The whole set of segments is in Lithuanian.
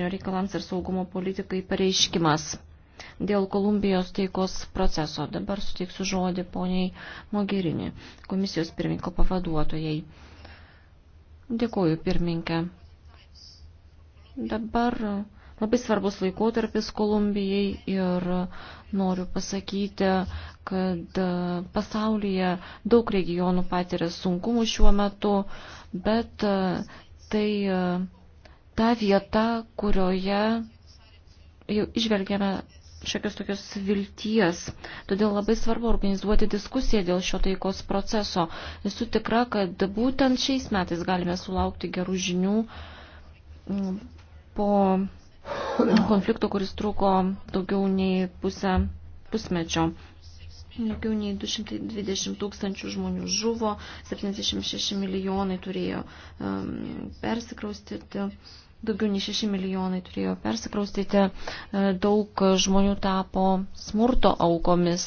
užsienio reikalams ir saugumo politikai pareiškimas dėl Kolumbijos taikos proceso. Dabar suteiksiu žodį poniai Mogerini, komisijos pirmininko pavaduotojai. Dėkuoju, pirmininkė. Dabar labai svarbus laikotarpis Kolumbijai ir noriu pasakyti, kad pasaulyje daug regionų patiria sunkumų šiuo metu, bet tai ta vieta, kurioje jau išvelgiame šiokios tokios vilties. Todėl labai svarbu organizuoti diskusiją dėl šio taikos proceso. Esu tikra, kad būtent šiais metais galime sulaukti gerų žinių mm, po konflikto, kuris truko daugiau nei pusę pusmečio. Daugiau nei 220 tūkstančių žmonių žuvo, 76 milijonai turėjo um, persikraustyti. Um, daugiau nei 6 milijonai turėjo persikraustyti, e, daug žmonių tapo smurto aukomis.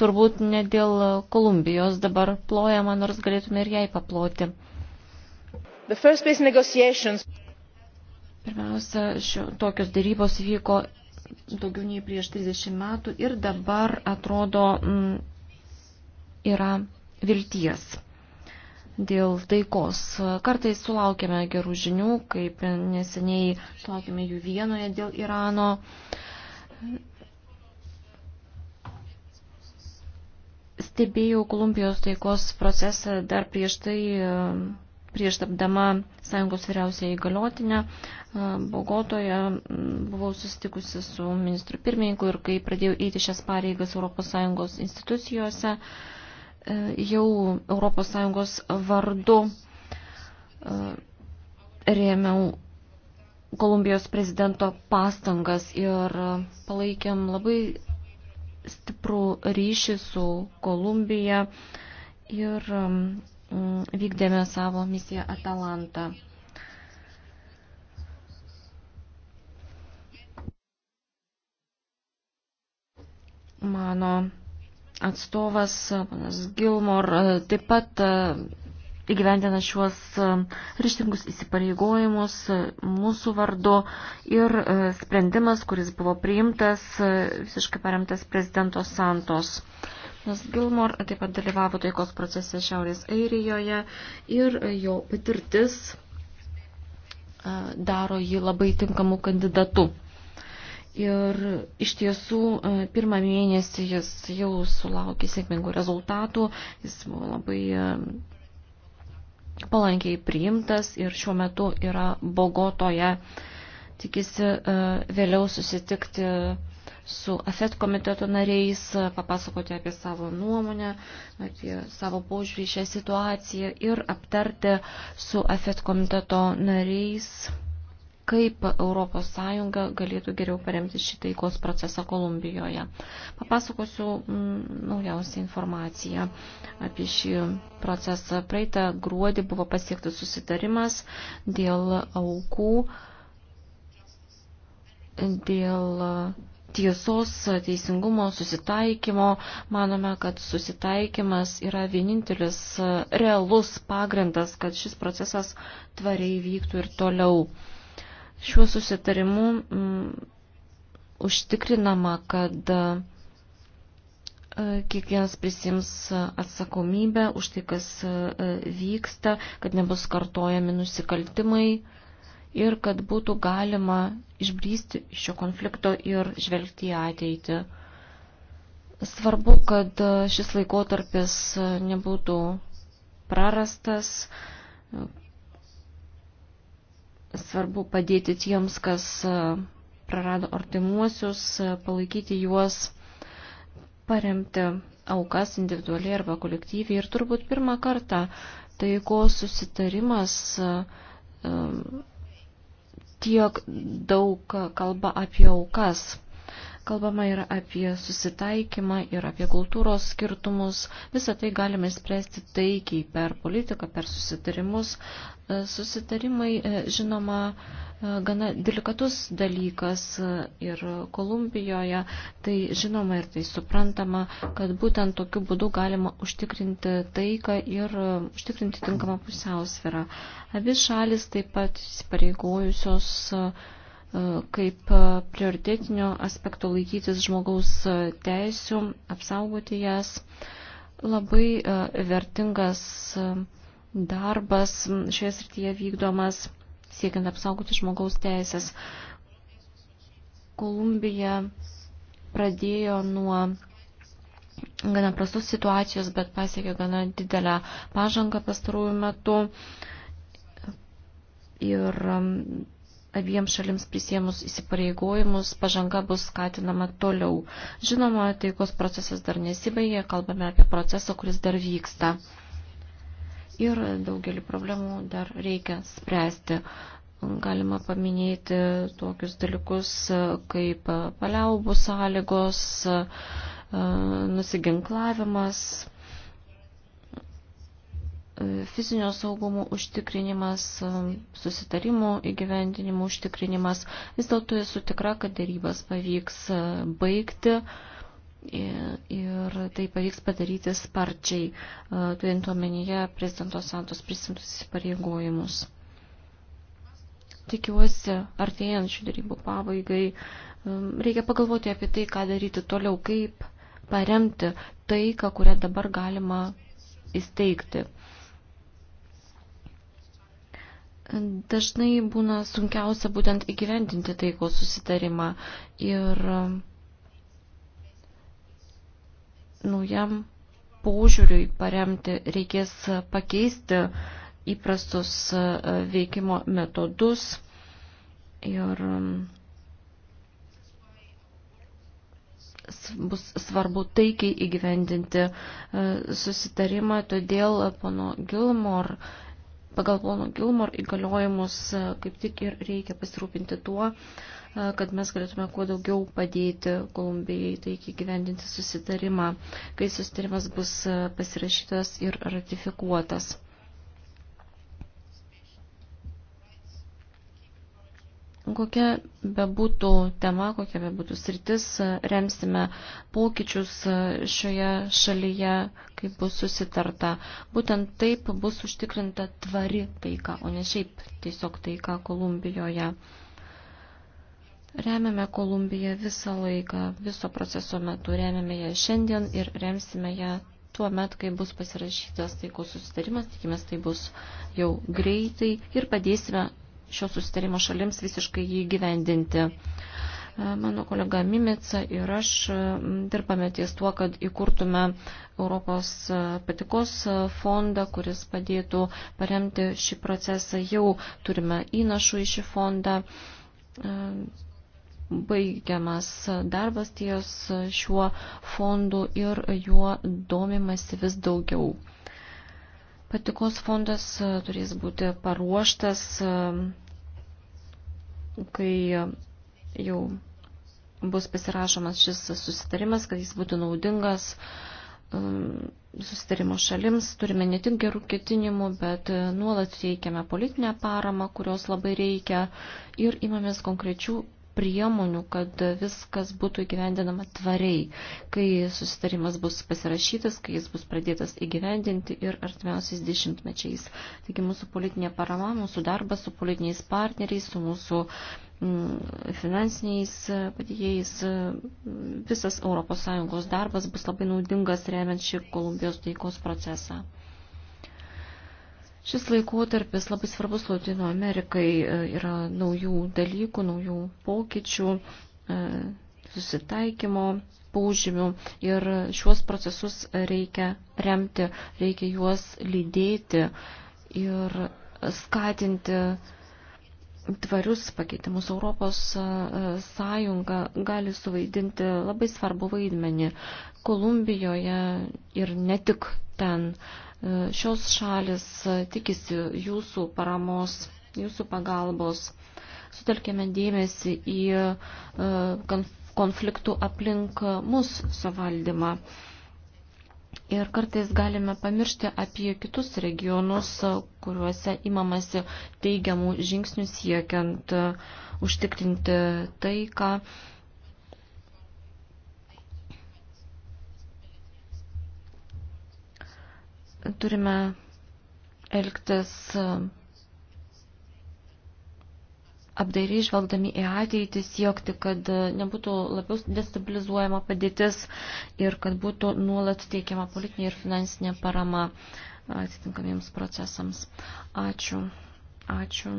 Turbūt ne dėl Kolumbijos dabar plojama, nors galėtume ir jai paploti. Pirmiausia, šio, tokios dėrybos vyko daugiau nei prieš 30 metų ir dabar atrodo m, mm, yra vilties dėl taikos. Kartais sulaukime gerų žinių, kaip neseniai sulaukime jų vienoje dėl Irano. Stebėjau Kolumbijos taikos procesą dar prieš tai, prieš tapdama Sąjungos vyriausiai įgaliotinę Bogotoje, buvau susitikusi su ministru pirmininku ir kai pradėjau eiti šias pareigas Europos Sąjungos institucijose, uh, E, jau ES vardu e, rėmiau Kolumbijos prezidento pastangas ir palaikėm labai stiprų ryšį su Kolumbija ir vykdėme savo misiją Atalanta. Mano atstovas, panas Gilmor, e, taip pat e, įgyvendina šiuos e, ryštingus įsipareigojimus mūsų vardu ir sprendimas, kuris buvo priimtas, visiškai paremtas prezidento Santos. Nes Gilmor taip pat dalyvavo taikos procese Šiaurės Airijoje ir jo patirtis daro jį labai tinkamų kandidatų. Ir iš tiesų e, pirmą mėnesį jis jau sulaukė sėkmingų rezultatų, jis buvo labai e, palankiai priimtas ir šiuo metu yra Bogotoje. Tikisi e, vėliau susitikti su AFET komiteto nariais, papasakoti apie savo nuomonę, apie savo požiūrį šią situaciją ir aptarti su AFET komiteto nariais kaip ES galėtų geriau paremti šį taikos procesą Kolumbijoje. Papasakosiu mm, naujausią informaciją apie šį procesą. Praeitą gruodį buvo pasiektas susitarimas dėl aukų, dėl tiesos, teisingumo, susitaikymo. Manome, kad susitaikymas yra vienintelis realus pagrindas, kad šis procesas tvariai vyktų ir toliau. Šiuo susitarimu m, mm, užtikrinama, kad e, kiekvienas prisims atsakomybę už tai, kas e, vyksta, kad nebus kartojami nusikaltimai ir kad būtų galima išbrysti iš šio konflikto ir žvelgti į ateitį. Svarbu, kad e, šis laikotarpis nebūtų prarastas, Svarbu padėti tiems, kas e, prarado artimuosius, e, palaikyti juos, paremti aukas individualiai arba kolektyviai. Ir turbūt pirmą kartą taikos susitarimas e, tiek daug kalba apie aukas. Kalbama ir apie susitaikymą, ir apie kultūros skirtumus. Visą tai galime spręsti taikiai per politiką, per susitarimus. E, susitarimai, e, žinoma, e, gana delikatus dalykas ir Kolumbijoje. Tai žinoma ir tai suprantama, kad būtent tokiu būdu galima užtikrinti taiką ir užtikrinti tinkamą pusiausvyrą. Abi šalis taip pat įsipareigojusios kaip prioritetiniu aspektu laikytis žmogaus teisių, apsaugoti jas. Labai e, vertingas e, darbas šioje srityje vykdomas, siekiant apsaugoti žmogaus teisės. Kolumbija pradėjo nuo gana prastus situacijos, bet pasiekė gana didelę pažangą pastarųjų metų. Ir abiems šalims prisėmus įsipareigojimus, pažanga bus skatinama toliau. Žinoma, taikos procesas dar nesibaigė, kalbame apie procesą, kuris dar vyksta. Ir daugelį problemų dar reikia spręsti. Galima paminėti tokius dalykus kaip paliaubų sąlygos, nusiginklavimas fizinio saugumo užtikrinimas, susitarimų įgyvendinimų užtikrinimas. Vis dėlto esu tikra, kad dėrybas pavyks baigti ir tai pavyks padaryti sparčiai, turint omenyje prezidento Santos prisimtus įsipareigojimus. Tikiuosi, artėjant šių dėrybų pabaigai, reikia pagalvoti apie tai, ką daryti toliau, kaip paremti taiką, kurią dabar galima įsteigti. Dažnai būna sunkiausia būtent įgyvendinti taikos susitarimą ir um, naujam požiūriui paremti reikės pakeisti įprastus uh, veikimo metodus ir um, bus svarbu taikiai įgyvendinti uh, susitarimą, todėl uh, pono Gilmore pagal pono Gilmor įgaliojimus e, kaip tik ir reikia pasirūpinti tuo, e, kad mes galėtume kuo daugiau padėti Kolumbijai taikiai gyvendinti susitarimą, kai susitarimas bus e, pasirašytas ir ratifikuotas. Kokia bebūtų tema, kokia bebūtų sritis, remsime pokyčius šioje šalyje, kaip bus susitarta. Būtent taip bus užtikrinta tvari taika, o ne šiaip tiesiog taika Kolumbijoje. Remiame Kolumbiją visą laiką, viso proceso metu, remiame ją šiandien ir remsime ją tuo met, kai bus pasirašytas taikos susitarimas, tikimės tai bus jau greitai ir padėsime šio susitarimo šalims visiškai jį gyvendinti. E, mano kolega Mimica ir aš e, dirbame ties tuo, kad įkurtume Europos e, patikos fondą, kuris padėtų paremti šį procesą. Jau turime įnašų į šį fondą baigiamas darbas ties šiuo fondu ir juo domimasi vis daugiau. Patikos fondas turės būti paruoštas kai jau bus pasirašomas šis susitarimas, kad jis būtų naudingas um, susitarimo šalims. Turime ne tik gerų ketinimų, bet nuolat teikiame politinę paramą, kurios labai reikia ir imamės konkrečių priemonių, kad viskas būtų įgyvendinama tvariai, kai susitarimas bus pasirašytas, kai jis bus pradėtas įgyvendinti ir artimiausiais dešimtmečiais. Taigi mūsų politinė parama, mūsų darbas su politiniais partneriais, su mūsų mm, finansiniais padėjėjais, visas ES darbas bus labai naudingas remiant šį Kolumbijos taikos procesą. Šis laikotarpis labai svarbus Latino Amerikai, e, yra naujų dalykų, naujų pokyčių, e, susitaikymo paužymių ir šiuos procesus reikia remti, reikia juos lydėti ir skatinti tvarius pakeitimus. Europos e, Sąjunga gali suvaidinti labai svarbu vaidmenį Kolumbijoje ir ne tik ten. Uh, Šios šalis tikisi jūsų paramos, jūsų pagalbos. Sutelkėme dėmesį į e, konfliktų aplink mus suvaldymą. Ir kartais galime pamiršti apie kitus regionus, kuriuose imamasi teigiamų žingsnių siekiant užtikrinti taiką turime elgtis e, apdairiai žvelgdami į ateitį, siekti, kad e, nebūtų labiau destabilizuojama padėtis ir kad būtų nuolat teikiama politinė ir finansinė parama e, atitinkamiems procesams. Ačiū. Ačiū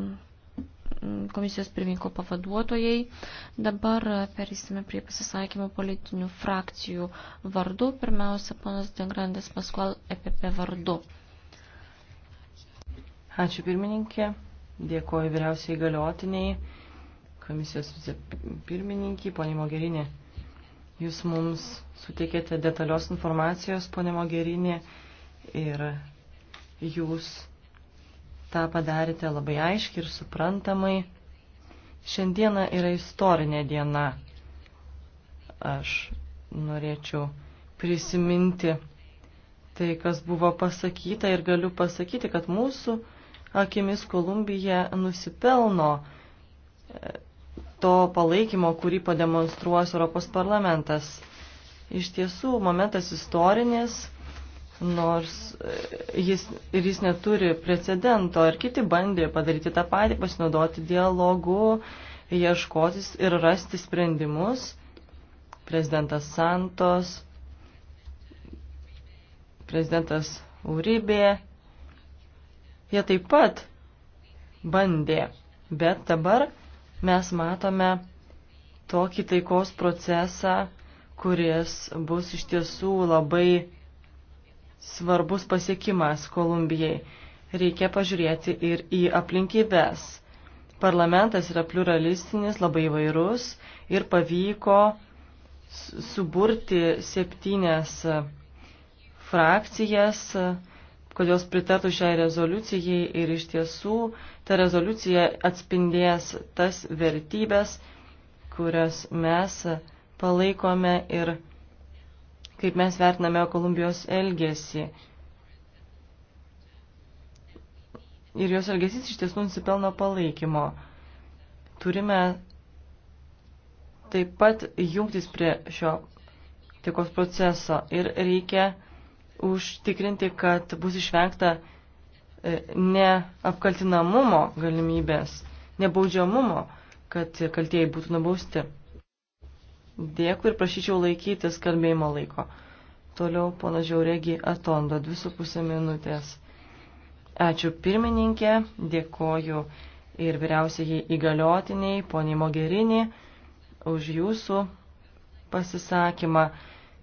komisijos pirmininko pavaduotojai. Dabar perėsime prie pasisakymų politinių frakcijų vardu. Pirmiausia, ponas Dengrandės Paskual EPP vardu. Ačiū pirmininkė. Dėkoju vyriausiai galiotiniai, komisijos pirmininkiai, ponė Mogerinė. Jūs mums suteikėte detalios informacijos, ponė Mogerinė, ir jūs tą padarėte labai aiškiai ir suprantamai. Šiandiena yra istorinė diena. Aš norėčiau prisiminti tai, kas buvo pasakyta ir galiu pasakyti, kad mūsų akimis Kolumbija nusipelno e, to palaikymo, kurį pademonstruos Europos parlamentas. Iš tiesų, momentas istorinis nors e, jis, ir jis neturi precedento, ir kiti bandė padaryti tą patį, pasinaudoti dialogu, ieškotis ir rasti sprendimus. Prezidentas Santos, prezidentas Uribė, jie taip pat bandė, bet dabar mes matome tokį taikos procesą, kuris bus iš tiesų labai svarbus pasiekimas Kolumbijai. Reikia pažiūrėti ir į aplinkybės. Parlamentas yra pluralistinis, labai vairus ir pavyko suburti septynės e, frakcijas, e, kad jos pritartų šiai rezoliucijai ir iš tiesų ta rezoliucija atspindės tas vertybės, kurias mes palaikome ir kaip mes vertiname Kolumbijos elgesį. Ir jos elgesys iš tiesų nusipelno palaikymo. Turime taip pat jungtis prie šio taikos proceso ir reikia užtikrinti, kad bus išvengta e, neapkaltinamumo galimybės, nebaudžiamumo, kad kaltieji būtų nubausti. Dėkui ir prašyčiau laikytis kalbėjimo laiko. Toliau pono Žiaurėgi Atondo, 2,5 minutės. Ačiū pirmininkė, dėkoju ir vyriausiai įgaliotiniai, poniai Mogerini, už jūsų pasisakymą.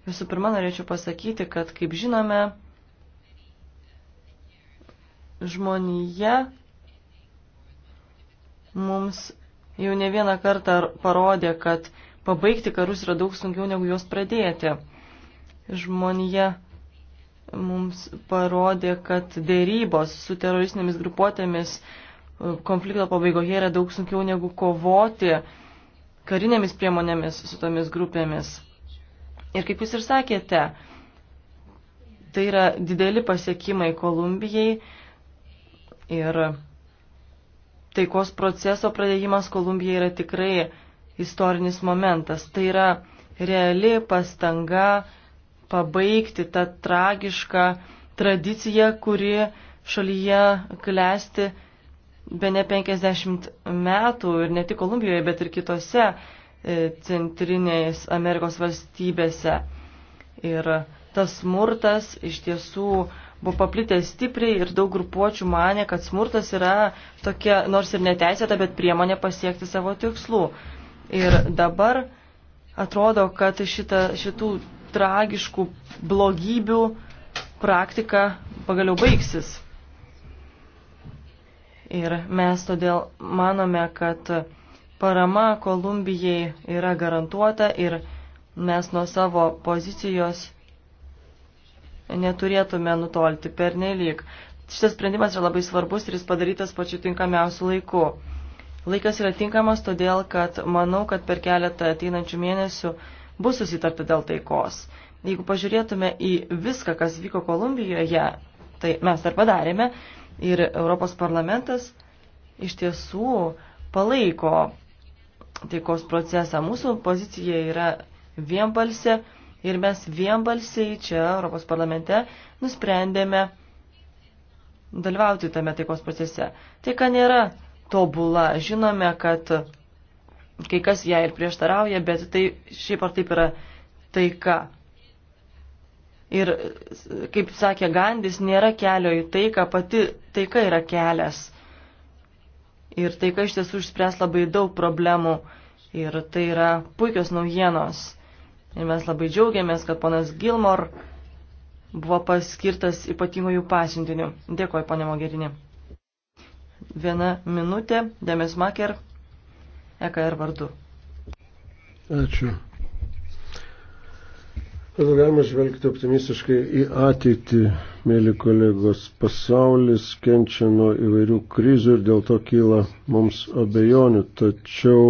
Visų pirma, norėčiau pasakyti, kad, kaip žinome, žmonija mums jau ne vieną kartą parodė, kad pabaigti karus yra daug sunkiau negu juos pradėti. Žmonija mums parodė, kad dėrybos su teroristinėmis grupuotėmis e, konflikto pabaigoje yra daug sunkiau negu kovoti karinėmis priemonėmis su tomis grupėmis. Ir kaip jūs ir sakėte, tai yra dideli pasiekimai Kolumbijai ir taikos proceso pradėjimas Kolumbijai yra tikrai istorinis momentas. Tai yra reali pastanga pabaigti tą tragišką tradiciją, kuri šalyje klesti be ne 50 metų ir ne tik Kolumbijoje, bet ir kitose e, centrinės Amerikos valstybėse. Ir tas smurtas iš tiesų buvo paplitęs stipriai ir daug grupuočių mane, kad smurtas yra tokia, nors ir neteisėta, bet priemonė pasiekti savo tikslų. Ir dabar atrodo, kad šita, šitų tragiškų blogybių praktika pagaliau baigsis. Ir mes todėl manome, kad parama Kolumbijai yra garantuota ir mes nuo savo pozicijos neturėtume nutolti per nelik. Šitas sprendimas yra labai svarbus ir jis padarytas pačiu tinkamiausiu laiku. Laikas yra tinkamas, todėl kad manau, kad per keletą ateinančių mėnesių bus susitarta dėl taikos. Jeigu pažiūrėtume į viską, kas vyko Kolumbijoje, tai mes dar padarėme ir Europos parlamentas iš tiesų palaiko taikos procesą. Mūsų pozicija yra vienbalsė ir mes vienbalsiai čia Europos parlamente nusprendėme dalyvauti tame taikos procese. Tai, ką nėra tobula. Žinome, kad kai kas ją ir prieštarauja, bet tai šiaip ar taip yra taika. Ir, kaip sakė Gandis, nėra kelio į taiką, pati taika yra kelias. Ir taika iš tiesų išspręs labai daug problemų. Ir tai yra puikios naujienos. Ir mes labai džiaugiamės, kad ponas Gilmor buvo paskirtas ypatingųjų pasiuntinių. Dėkuoju, ponė Mogerinė. Viena minutė, Demis Maker, EKR vardu. Ačiū. Todėl galima žvelgti optimistiškai į ateitį, mėly kolegos. Pasaulis kenčia nuo įvairių krizių ir dėl to kyla mums abejonių. Tačiau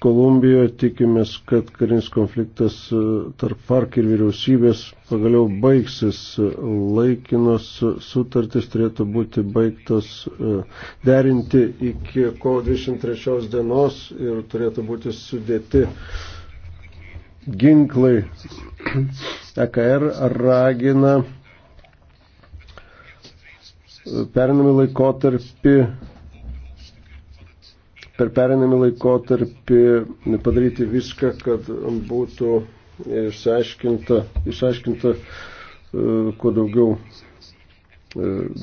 Kolumbijoje tikimės, kad karinis konfliktas e, tarp FARC ir vyriausybės pagaliau baigsis. Laikinos sutartys turėtų būti baigtos e, derinti iki kovo 23 dienos ir turėtų būti sudėti ginklai. EKR er ragina pernami laikotarpį per perinamį laikotarpį padaryti viską, kad būtų išsiaiškinta, išsiaiškinta e, kuo daugiau e,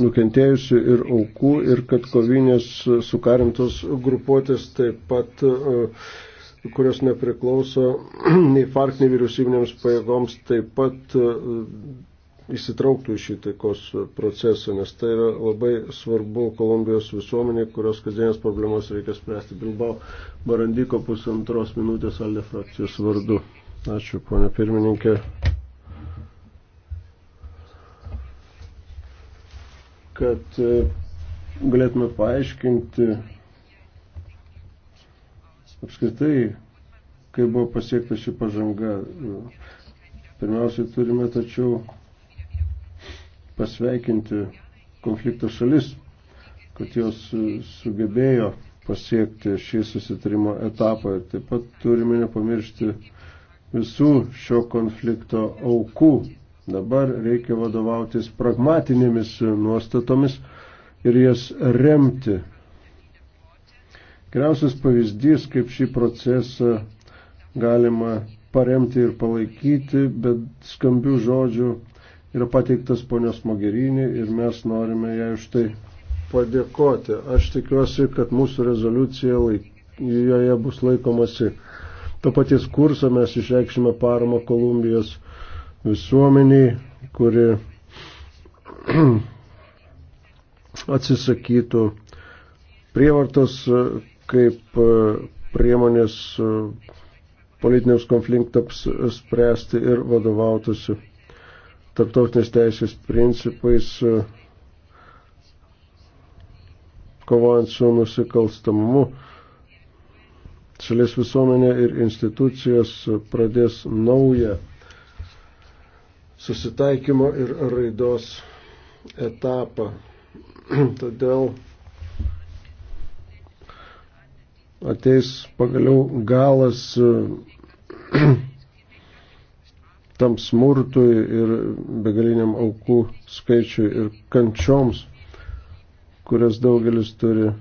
nukentėjusių ir aukų ir kad kovinės sukarintos grupuotės taip pat, e, kurios nepriklauso nei FARC, nei vyriausybinėms pajėgoms, taip pat įsitrauktų į šį taikos procesą, nes tai yra labai svarbu Kolumbijos visuomenė, kurios kasdienės problemas reikia spręsti. Bilbao Barandiko pusantros minutės Alde frakcijos vardu. Ačiū, ponia pirmininkė. Kad e, galėtume paaiškinti apskritai, kaip buvo pasiekta ši pažanga. Pirmiausiai turime tačiau pasveikinti konflikto šalis, kad jos e, sugebėjo pasiekti šį susitarimo etapą. Ir taip pat turime nepamiršti visų šio konflikto aukų. Dabar reikia vadovautis pragmatinėmis nuostatomis ir jas remti. Geriausias pavyzdys, kaip šį procesą galima paremti ir palaikyti, bet skambių žodžių yra pateiktas ponios Mogerinį ir mes norime ją už tai padėkoti. Aš tikiuosi, kad mūsų rezoliucija laik, joje bus laikomasi to paties kurso, mes išreikšime paramą Kolumbijos visuomeniai, kuri atsisakytų prievartos kaip e, priemonės e, politiniams konfliktams spręsti ir vadovautųsi tarptautinės teisės principais, e, kovojant su nusikalstamumu. Šalies visuomenė ir institucijos pradės naują susitaikymo ir raidos etapą. Todėl ateis pagaliau galas e, tam smurtui ir begaliniam aukų skaičiui ir kančioms, kurias daugelis turi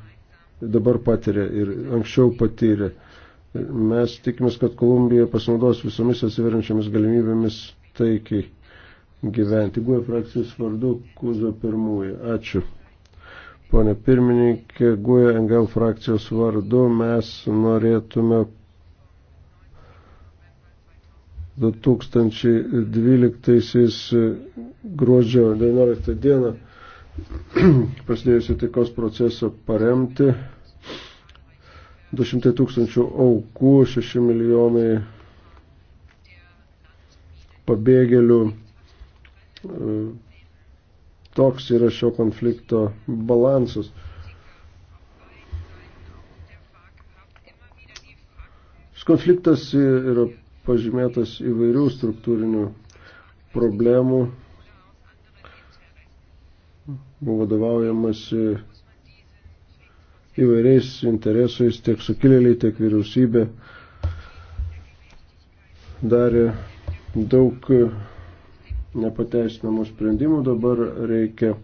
dabar patiria ir anksčiau patyrė. Mes tikimės, kad Kolumbija pasinaudos visomis atsiveriančiamis galimybėmis taikiai gyventi. Guoja frakcijos vardu Kuzo pirmųjų. Ačiū. Pone pirmininkė, Guoja NGL frakcijos vardu mes norėtume 2012 e, gruodžio 19 dieną prasidėjusi taikos procesą paremti 200 tūkstančių aukų, 6 milijonai pabėgėlių. E, toks yra šio konflikto balansas. Šis konfliktas yra pažymėtas įvairių struktūrinių problemų. Buvo vadovaujamasi įvairiais interesais, tiek sukilėliai, tiek vyriausybė darė daug nepateisinamų sprendimų. Dabar reikia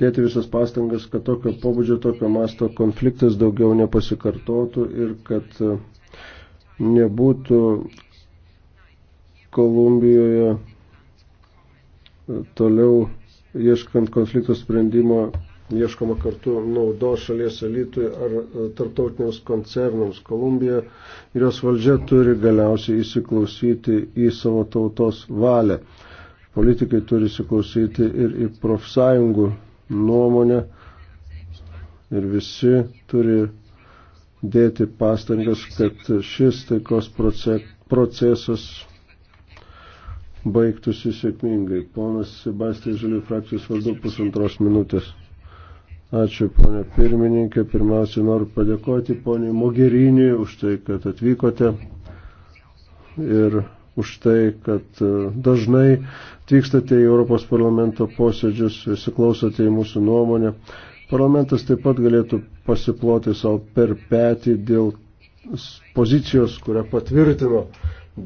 dėti visas pastangas, kad tokio pobūdžio, tokio masto konfliktas daugiau nepasikartotų ir kad nebūtų Kolumbijoje toliau ieškant konflikto sprendimo ieškoma kartu naudos šalies elitui ar e, tarptautiniams koncernams. Kolumbija ir jos valdžia turi galiausiai įsiklausyti į savo tautos valią. Politikai turi įsiklausyti ir į profsąjungų nuomonę ir visi turi dėti pastangas, kad šis taikos procesas baigtųsi sėkmingai. Ponas Sebastijas Žalių frakcijos vardu pusantros minutės. Ačiū, ponė pirmininkė. Pirmiausia, noriu padėkoti ponė Mogerinį už tai, kad atvykote ir už tai, kad e, dažnai atvykstate į Europos parlamento posėdžius, įsiklausote į mūsų nuomonę. Parlamentas taip pat galėtų pasiploti savo per petį dėl pozicijos, kurią patvirtino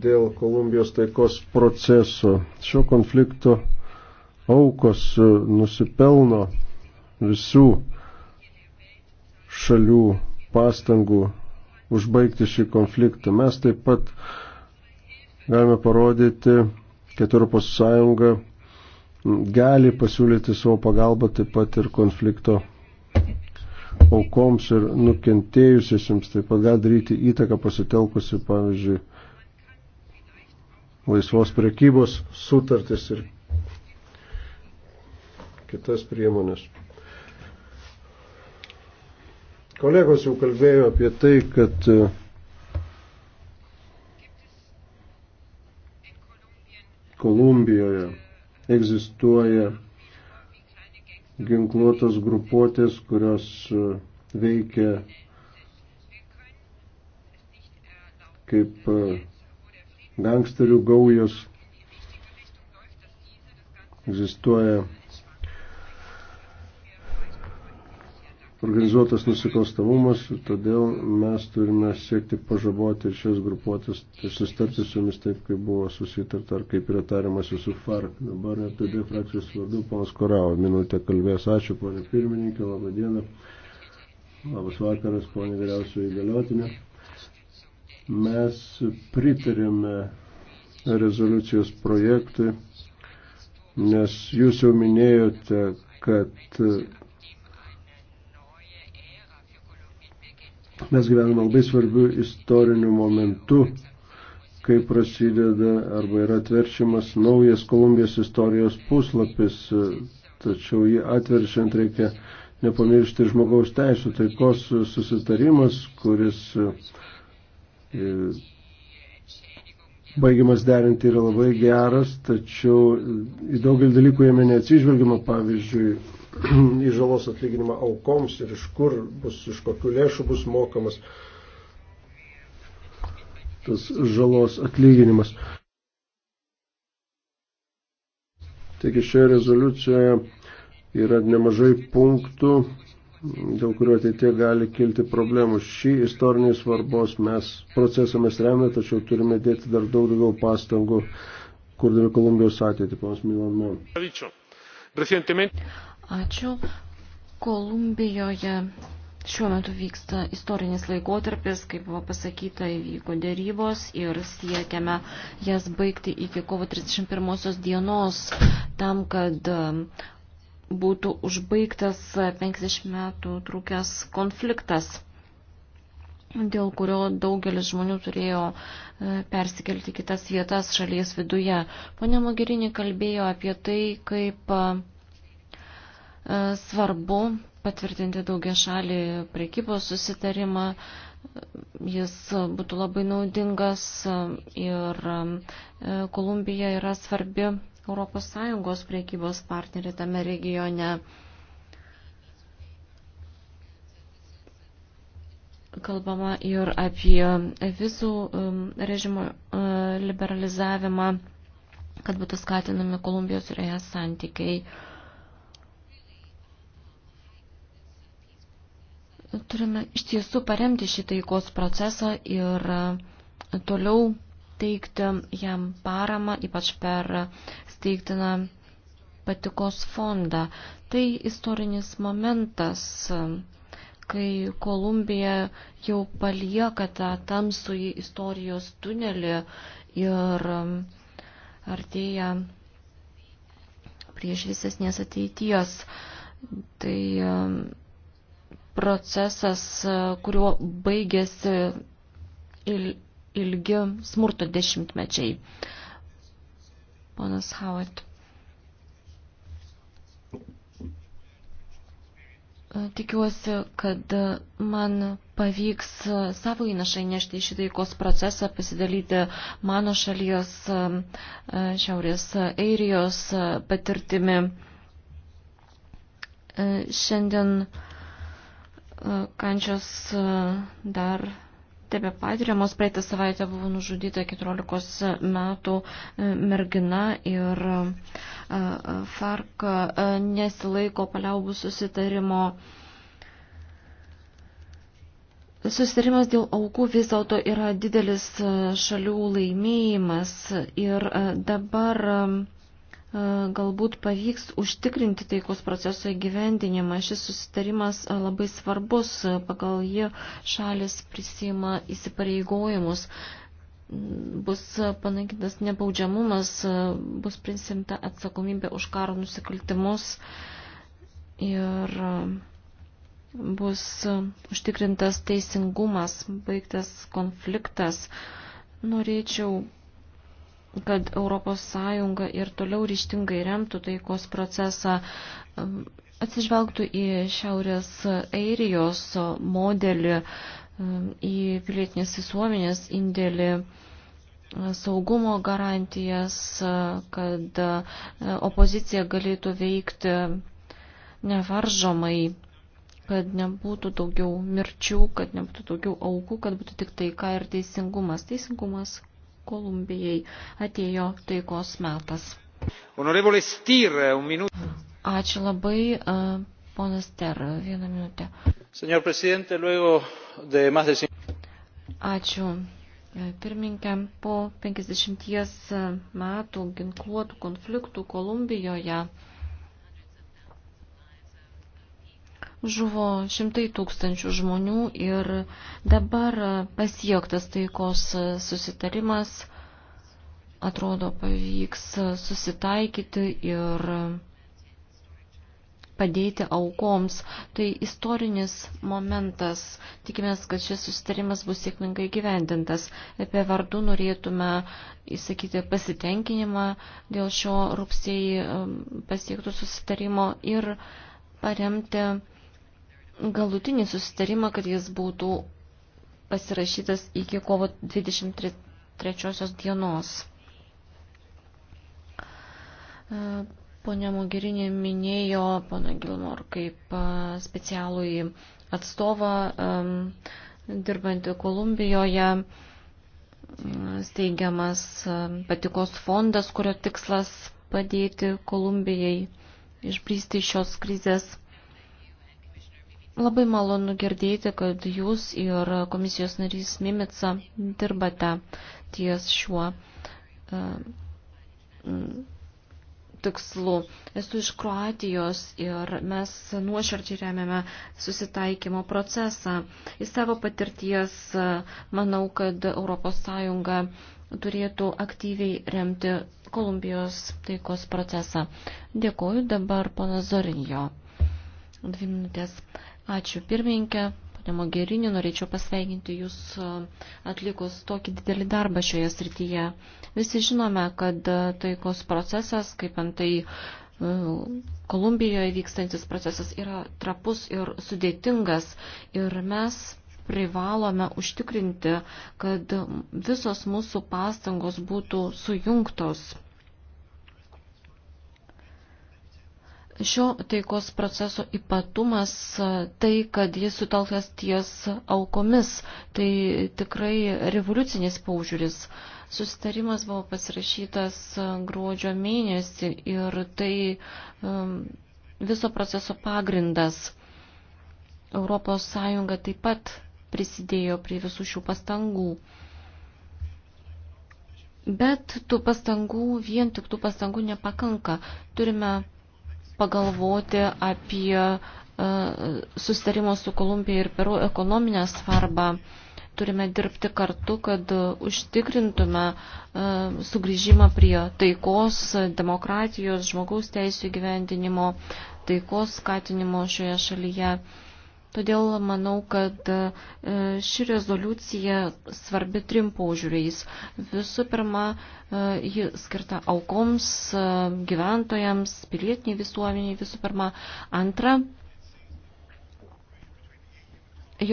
dėl Kolumbijos taikos proceso. Šio konflikto aukos e, nusipelno visų šalių pastangų užbaigti šį konfliktą. Mes taip pat galime parodyti, kad Europos Sąjunga gali pasiūlyti savo pagalbą taip pat ir konflikto aukoms ir nukentėjusiesiems, taip pat gali daryti įtaką pasitelkusi, pavyzdžiui, laisvos prekybos sutartis ir kitas priemonės. Kolegos jau kalbėjo apie tai, kad e, Kolumbijoje egzistuoja ginkluotos grupuotės, kurios e, veikia kaip e, gangsterių gaujos, egzistuoja organizuotas nusikalstamumas, todėl mes turime siekti pažaboti ir šias grupuotės ir tai sustarti su jomis taip, kaip buvo susitarta ar kaip yra tariamasi su FARC. Dabar apie D frakcijos vardu panas Koravo minutę kalbės. Ačiū, ponė pirmininkė, labą dieną. Labas vakaras, ponė vyriausioji galiotinė. Mes pritarėme rezoliucijos projektui, nes jūs jau minėjote, kad mes gyvename labai svarbių istorinių momentų, kai prasideda arba yra atverčiamas naujas Kolumbijos istorijos puslapis, tačiau jį atverčiant reikia nepamiršti žmogaus teisų taikos susitarimas, kuris uh, baigiamas derinti yra labai geras, tačiau į daugelį dalykų jame neatsižvelgiama, pavyzdžiui, į žalos atlyginimą aukoms ir iš kur bus, iš kokių lėšų bus mokamas tas žalos atlyginimas. Taigi šioje rezoliucijoje yra nemažai punktų, dėl kurio ateitie gali kilti problemų. Šį istorinį svarbos mes procesą mes remiame, tačiau turime dėti dar daug daugiau pastangų, kurdami Kolumbijos ateitį, panas Milan Mon. Ačiū. Kolumbijoje šiuo metu vyksta istorinis laikotarpis, kaip buvo pasakyta, įvyko dėrybos ir siekiame jas baigti iki kovo 31 dienos tam, kad būtų užbaigtas 50 metų trūkęs konfliktas, dėl kurio daugelis žmonių turėjo e, persikelti kitas vietas šalies viduje. Pone Mogirinė kalbėjo apie tai, kaip e, e, svarbu patvirtinti daugia šalį prekybos susitarimą. Jis būtų labai naudingas ir Kolumbija yra svarbi ES priekybos partnerį tame regione. Kalbama ir apie vizų um, režimo uh, liberalizavimą, kad būtų skatinami Kolumbijos ir ES santykiai. Turime iš tiesų paremti šį taikos procesą ir uh, toliau teikti jam paramą, ypač per steigtiną patikos fondą. Tai istorinis momentas, kai Kolumbija jau palieka tą tamsų į istorijos tunelį ir um, artėja prie šviesesnės ateities. Tai um, procesas, kuriuo baigėsi il ilgi smurto dešimtmečiai. Ponas Howard. Tikiuosi, kad man pavyks savo įnašą įnešti į šitaikos procesą, pasidalyti mano šalies Šiaurės Airijos patirtimi. Šiandien kančios dar tebe patiriamos. Praeitą savaitę buvo nužudyta 14 metų e, mergina ir e, e, FARC nesilaiko paliaubų susitarimo. Susitarimas dėl aukų vis dėlto yra didelis šalių laimėjimas ir dabar E, galbūt pavyks užtikrinti taikos proceso įgyvendinimą. Šis susitarimas e, labai svarbus, e, pagal jį šalis prisima įsipareigojimus. Bus panaikintas nebaudžiamumas, bus prisimta atsakomybė už karo nusikaltimus ir bus užtikrintas teisingumas, baigtas konfliktas. Norėčiau kad ES ir toliau ryštingai remtų taikos procesą, um, atsižvelgtų į Šiaurės Airijos modelį, um, į pilietinės visuomenės indėlį saugumo garantijas, kad uh, opozicija galėtų veikti nevaržomai, kad nebūtų daugiau mirčių, kad nebūtų daugiau aukų, kad būtų tik taika ir teisingumas. Teisingumas, Kolumbijai atėjo taikos metas. Honorevole Styr, un minut. Ačiū labai, ponas Ter, vieną minutę. Senor prezidente, luego de más de... Ačiū. E, Pirminkė, po 50 e, metų ginkluotų konfliktų Kolumbijoje žuvo šimtai tūkstančių žmonių ir dabar pasiektas taikos susitarimas, atrodo, pavyks susitaikyti ir padėti aukoms. Tai istorinis momentas. Tikimės, kad šis susitarimas bus sėkmingai gyvendintas. Apie vardų norėtume įsakyti pasitenkinimą dėl šio rugsėjai um, pasiektų susitarimo ir paremti galutinį susitarimą, kad jis būtų pasirašytas iki kovo 23 dienos. E, Pone Mogirinė minėjo pana Gilmor kaip e, specialų į atstovą e, dirbantį Kolumbijoje steigiamas patikos fondas, kurio tikslas padėti Kolumbijai išbrysti iš šios krizės. Labai malonu girdėti, kad jūs ir komisijos narys Mimica dirbate ties šiuo e, tikslu. Esu iš Kroatijos ir mes nuoširdžiai remiame susitaikymo procesą. Į savo patirties e, manau, kad ES turėtų aktyviai remti Kolumbijos taikos procesą. Dėkuoju dabar pono Zorinjo. Dvi minutės. Ačiū pirmininkė. Pane Mogerinį, norėčiau pasveikinti Jūs atlikus tokį didelį darbą šioje srityje. Visi žinome, kad taikos procesas, kaip antai Kolumbijoje vykstantis procesas, yra trapus ir sudėtingas. Ir mes privalome užtikrinti, kad visos mūsų pastangos būtų sujungtos Šio taikos proceso ypatumas tai, kad jis sutelktas ties aukomis, tai tikrai revoliucinis paužiūris. Susitarimas buvo pasirašytas gruodžio mėnesį ir tai um, viso proceso pagrindas. Europos Sąjunga taip pat prisidėjo prie visų šių pastangų. Bet tų pastangų, vien tik tų pastangų nepakanka. Turime pagalvoti apie e, susitarimo su Kolumbija ir Peru ekonominę svarbą. Turime dirbti kartu, kad užtikrintume e, sugrįžimą prie taikos, demokratijos, žmogaus teisų gyvendinimo, taikos skatinimo šioje šalyje. Todėl manau, kad e, ši rezoliucija svarbi trim požiūriais. Visų pirma, e, ji skirta aukoms, e, gyventojams, pilietiniai visuomeniai visų pirma. Antra,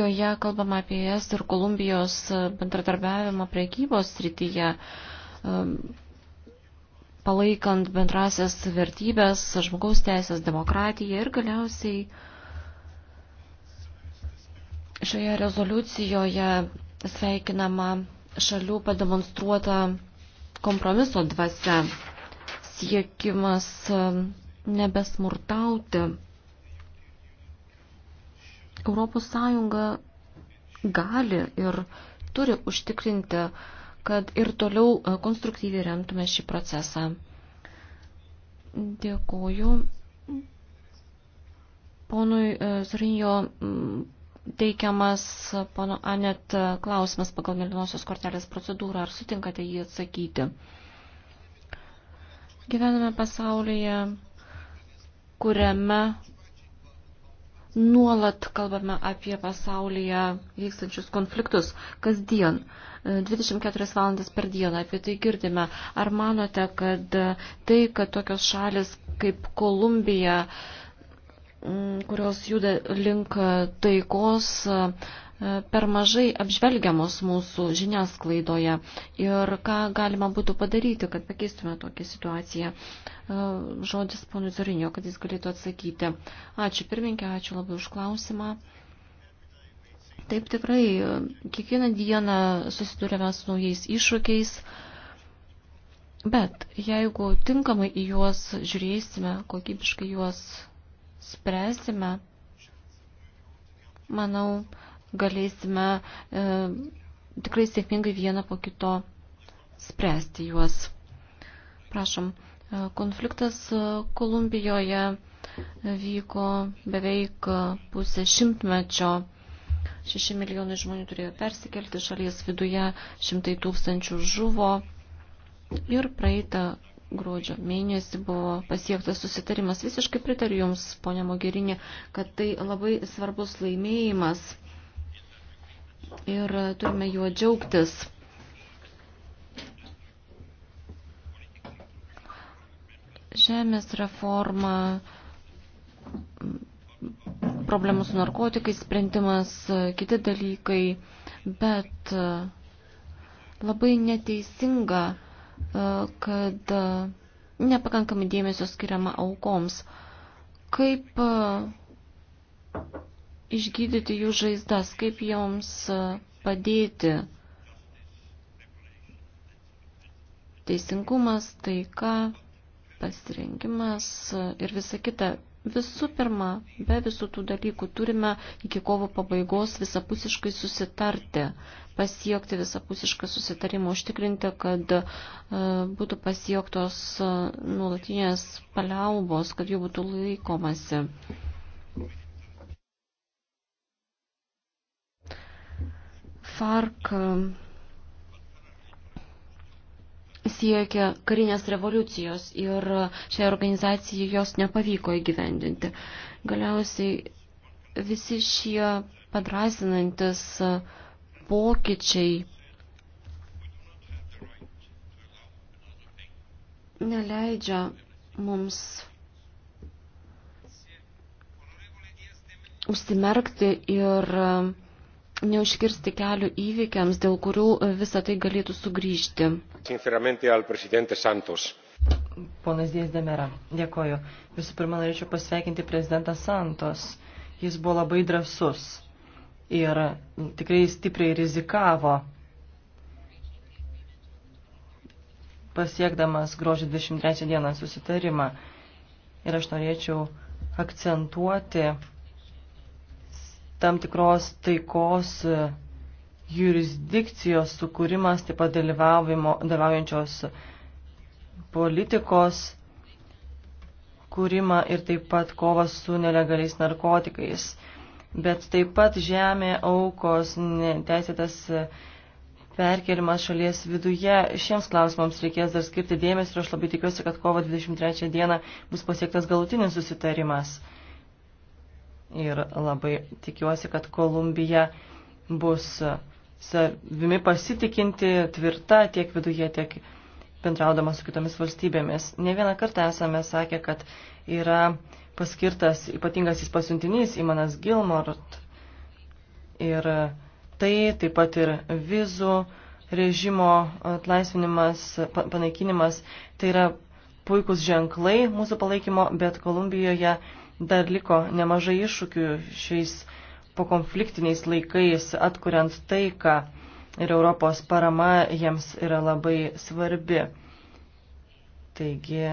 joje kalbama apie ES ir Kolumbijos bendradarbiavimą priekybos srityje palaikant bendrasias vertybės, žmogaus teisės, demokratiją ir galiausiai uh, Šioje rezoliucijoje sveikinama šalių pademonstruota kompromiso dvasia, siekimas um, nebesmurtauti. Europos Sąjunga gali ir turi užtikrinti, kad ir toliau uh, konstruktyviai remtume šį procesą. Dėkuoju. Ponui uh, Zrinjo mm, teikiamas pono Anet klausimas pagal mėlynosios kortelės procedūrą. Ar sutinkate jį atsakyti? Gyvename pasaulyje, kuriame nuolat kalbame apie pasaulyje vykstančius konfliktus kasdien, 24 e, valandas per dieną apie tai girdime. Ar manote, kad tai, kad tokios šalis kaip Kolumbija, Mm, kurios juda link taikos, e, per mažai apžvelgiamos mūsų žiniasklaidoje ir ką galima būtų padaryti, kad pakeistume tokią situaciją. E, žodis ponui Zorinio, kad jis galėtų atsakyti. Ačiū pirminkė, ačiū labai už klausimą. Taip tikrai, e, kiekvieną dieną susidurėme su naujais iššūkiais, bet jeigu tinkamai į juos žiūrėsime, kokybiškai juos spręsime, manau, galėsime e, tikrai sėkmingai vieną po kito spręsti juos. Prašom, e, konfliktas e, Kolumbijoje e, vyko beveik pusę šimtmečio. 6 milijonai žmonių turėjo persikelti šalies viduje, šimtai tūkstančių žuvo. Ir praeitą gruodžio mėnesį buvo pasiektas susitarimas. Visiškai pritariu Jums, ponia Mogerinė, kad tai labai svarbus laimėjimas ir turime juo džiaugtis. Žemės reforma, problemų su narkotikais sprendimas, kiti dalykai, bet labai neteisinga E, kad e, nepakankamai dėmesio skiriama aukoms. Kaip e, išgydyti jų žaizdas, kaip joms padėti. Teisingumas, taika, pasirinkimas ir visa kita Visų pirma, be visų tų dalykų turime iki kovo pabaigos visapusiškai susitarti, pasiekti visapusišką susitarimą, užtikrinti, kad e, būtų pasiektos e, nuolatinės paliaubos, kad jų būtų laikomasi. FARC siekia karinės revoliucijos ir šiai organizacijai jos nepavyko įgyvendinti. Galiausiai visi šie padrasinantis pokyčiai neleidžia mums užsimerkti ir uh, neužkirsti kelių įvykiams, dėl kurių e, visą tai galėtų sugrįžti. Ponas Dės Demera, dėkoju. Visų pirma, norėčiau pasveikinti prezidentą Santos. Jis buvo labai drasus ir tikrai stipriai rizikavo pasiekdamas gruožio 23 dieną susitarimą. Ir aš norėčiau akcentuoti tam tikros taikos e, jurisdikcijos sukūrimas, taip pat dalyvaujančios politikos kūrimą ir taip pat kovas su nelegaliais narkotikais. Bet taip pat žemė aukos, teisėtas e, perkelimas šalies viduje. Šiems klausimams reikės dar skirti dėmesį ir aš labai tikiuosi, kad kovo 23 dieną bus pasiektas galutinis susitarimas ir labai tikiuosi, kad Kolumbija bus savimi pasitikinti, tvirta tiek viduje, tiek bendraudama su kitomis valstybėmis. Ne vieną kartą esame sakę, kad yra paskirtas ypatingasis pasiuntinys Imanas Gilmort ir tai taip pat ir vizų režimo atlaisvinimas, panaikinimas, tai yra puikus ženklai mūsų palaikymo, bet Kolumbijoje dar liko nemažai iššūkių šiais pokonfliktiniais laikais, atkuriant taiką ir Europos parama jiems yra labai svarbi. Taigi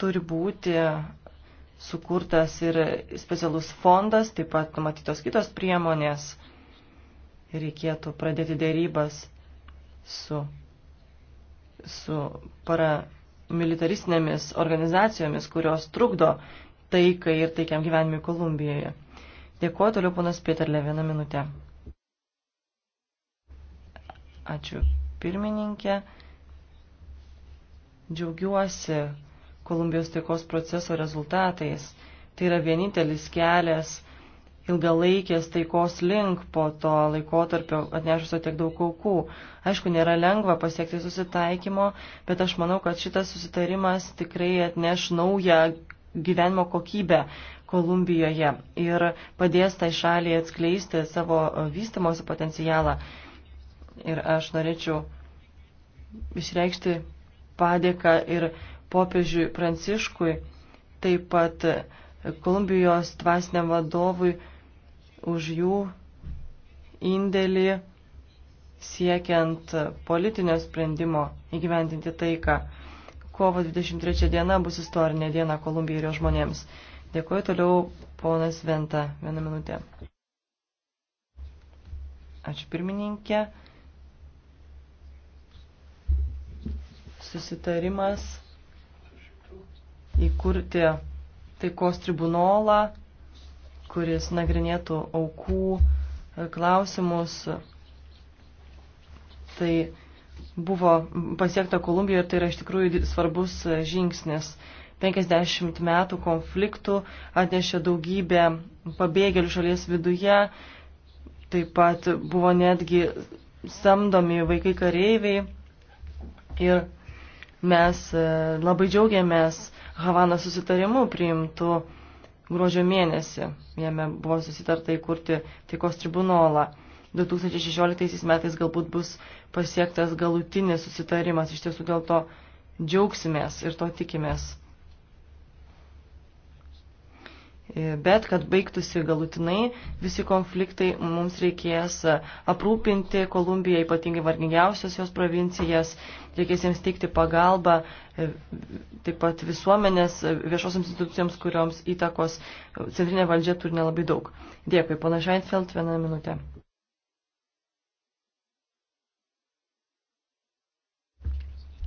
turi būti sukurtas ir specialus fondas, taip pat numatytos kitos priemonės. Reikėtų pradėti dėrybas su, su paramilitaristinėmis organizacijomis, kurios trukdo taikai ir taikiam gyvenimui Kolumbijoje. Dėkuoju toliau ponas Pieterle vieną minutę. Ačiū pirmininkė. Džiaugiuosi Kolumbijos taikos proceso rezultatais. Tai yra vienintelis kelias ilgalaikės taikos link po to laikotarpio atnešusio tiek daug aukų. Aišku, nėra lengva pasiekti susitaikymo, bet aš manau, kad šitas susitarimas tikrai atneš naują gyvenimo kokybę Kolumbijoje ir padės tai šaliai atskleisti savo vystimosi potencialą. Ir aš norėčiau išreikšti padėką ir popiežiui Pranciškui, taip pat Kolumbijos dvasiniam vadovui už jų indėlį siekiant politinio sprendimo įgyvendinti taiką kovo 23 diena bus istorinė diena Kolumbijoje ir jo žmonėms. Dėkuoju toliau ponas Venta. Vieną minutę. Ačiū pirmininkė. Susitarimas įkurti taikos tribunolą, kuris nagrinėtų aukų klausimus. Tai buvo pasiekta Kolumbijoje ir tai yra iš tikrųjų svarbus e, žingsnis. 50 metų konfliktų atnešė daugybę pabėgėlių šalies viduje, taip pat buvo netgi samdomi vaikai kareiviai ir mes e, labai džiaugiamės Havana susitarimu priimtų gruodžio mėnesį. Jame buvo susitarta įkurti taikos tribunolą. 2016 metais galbūt bus pasiektas galutinis susitarimas. Iš tiesų dėl to džiaugsimės ir to tikimės. Bet kad baigtųsi galutinai visi konfliktai, mums reikės aprūpinti Kolumbiją, ypatingai vargingiausias jos provincijas, reikės jiems teikti pagalbą, e, taip pat visuomenės, viešosiams institucijoms, kurioms įtakos centrinė valdžia turi nelabai daug. Dėkui, panašiai Feldfeld, vieną minutę.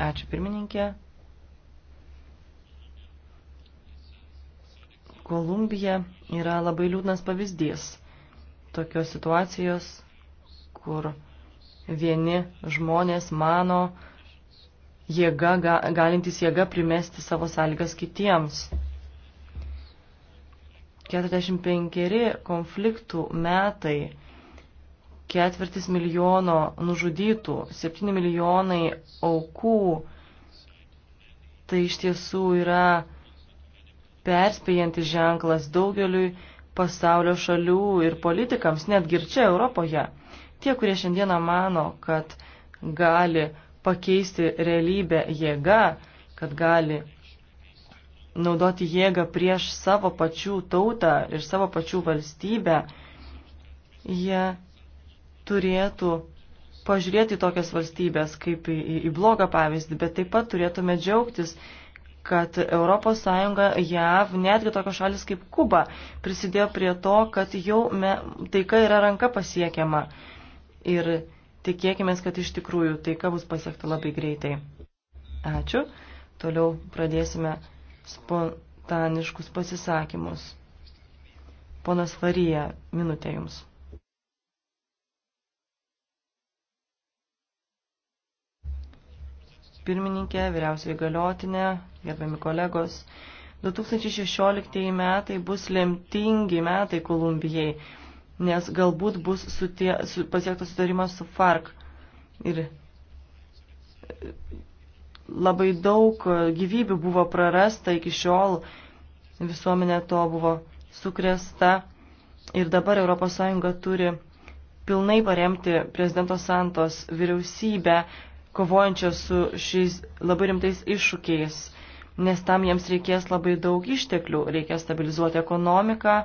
Ačiū pirmininkė. Kolumbija yra labai liūdnas pavyzdys tokios situacijos, kur vieni žmonės mano jėga, galintys jėga primesti savo sąlygas kitiems. 45 konfliktų metai ketvirtis milijono nužudytų, 7 milijonai aukų. Tai iš tiesų yra perspėjantis ženklas daugeliui pasaulio šalių ir politikams, netgi ir čia Europoje. Tie, kurie šiandieną mano, kad gali pakeisti realybę jėga, kad gali naudoti jėgą prieš savo pačių tautą ir savo pačių valstybę, jie turėtų pažiūrėti tokias valstybės kaip į, į, į blogą pavyzdį, bet taip pat turėtume džiaugtis, kad ES, JAV, netgi tokios šalis kaip Kuba prisidėjo prie to, kad jau me, taika yra ranka pasiekiama. Ir tikėkime, kad iš tikrųjų taika bus pasiekta labai greitai. Ačiū. Toliau pradėsime spontaniškus pasisakymus. Ponas Varija, minutė jums. pirmininkė, vyriausiai galiotinė, gerbiami kolegos. 2016 metai bus lemtingi metai Kolumbijai, nes galbūt bus sutie, su, pasiektas sutarimas su FARC. Ir e, labai daug gyvybių buvo prarasta iki šiol, visuomenė to buvo sukresta. Ir dabar ES turi pilnai paremti prezidento Santos vyriausybę, kovojančios su šiais labai rimtais iššūkiais, nes tam jiems reikės labai daug išteklių, reikia stabilizuoti ekonomiką,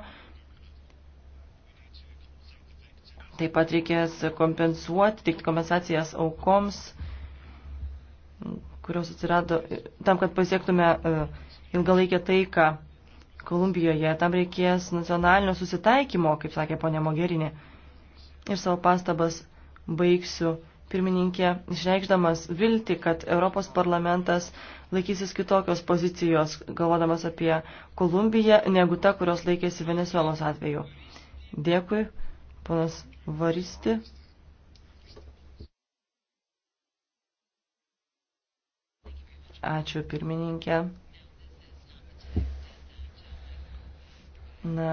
taip pat reikės kompensuoti, teikti kompensacijas aukoms, kurios atsirado tam, kad pasiektume e, ilgalaikę taiką Kolumbijoje, tam reikės nacionalinio susitaikymo, kaip sakė ponė Mogerinė. Ir savo pastabas baigsiu pirmininkė, išreikšdamas vilti, kad Europos parlamentas laikysis kitokios pozicijos, galvodamas apie Kolumbiją, negu ta, kurios laikėsi Venezuelos atveju. Dėkui, ponas Varisti. Ačiū, pirmininkė. Na,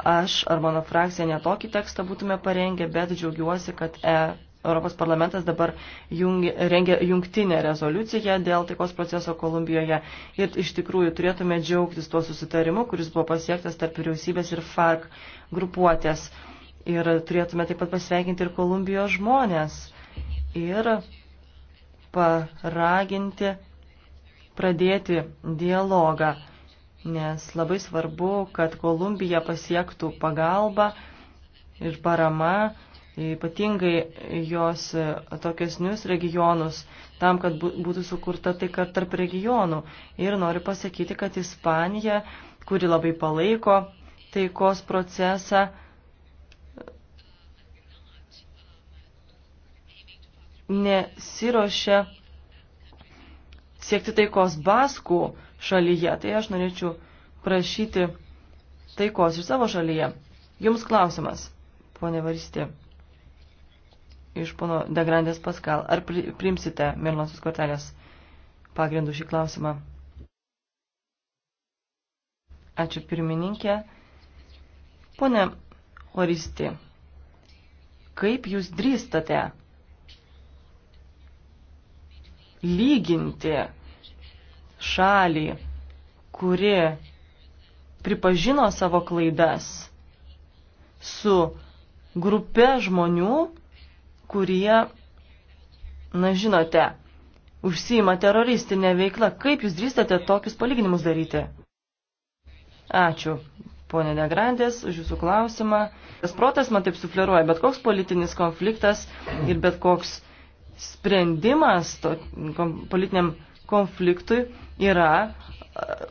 aš ar mano frakcija netokį tekstą būtume parengę, bet džiaugiuosi, kad e, Europos parlamentas dabar jung, rengia jungtinę rezoliuciją dėl taikos proceso Kolumbijoje ir iš tikrųjų turėtume džiaugtis tuo susitarimu, kuris buvo pasiektas tarp vyriausybės ir FARC grupuotės. Ir turėtume taip pat pasveikinti ir Kolumbijos žmonės ir paraginti pradėti dialogą nes labai svarbu, kad Kolumbija pasiektų pagalba ir parama, ypatingai jos atokesnius regionus, tam, kad būtų sukurta taika tarp regionų. Ir noriu pasakyti, kad Ispanija, kuri labai palaiko taikos procesą, nesirošia siekti taikos Baskų šalyje, tai aš norėčiau prašyti taikos ir savo šalyje. Jums klausimas, ponė Varistė, iš pono Degrandės Paskal, ar pri, primsite Mirlosios kortelės pagrindų šį klausimą? Ačiū pirmininkė. Pone Oristė, kaip jūs drįstate lyginti šalį, kuri pripažino savo klaidas su grupe žmonių, kurie, na žinote, užsima teroristinę veiklą. Kaip jūs drįstate tokius palyginimus daryti? Ačiū, ponė Negrandės, už jūsų klausimą. Tas protas man taip sufleruoja, bet koks politinis konfliktas ir bet koks sprendimas to, kom, politiniam konfliktui yra e,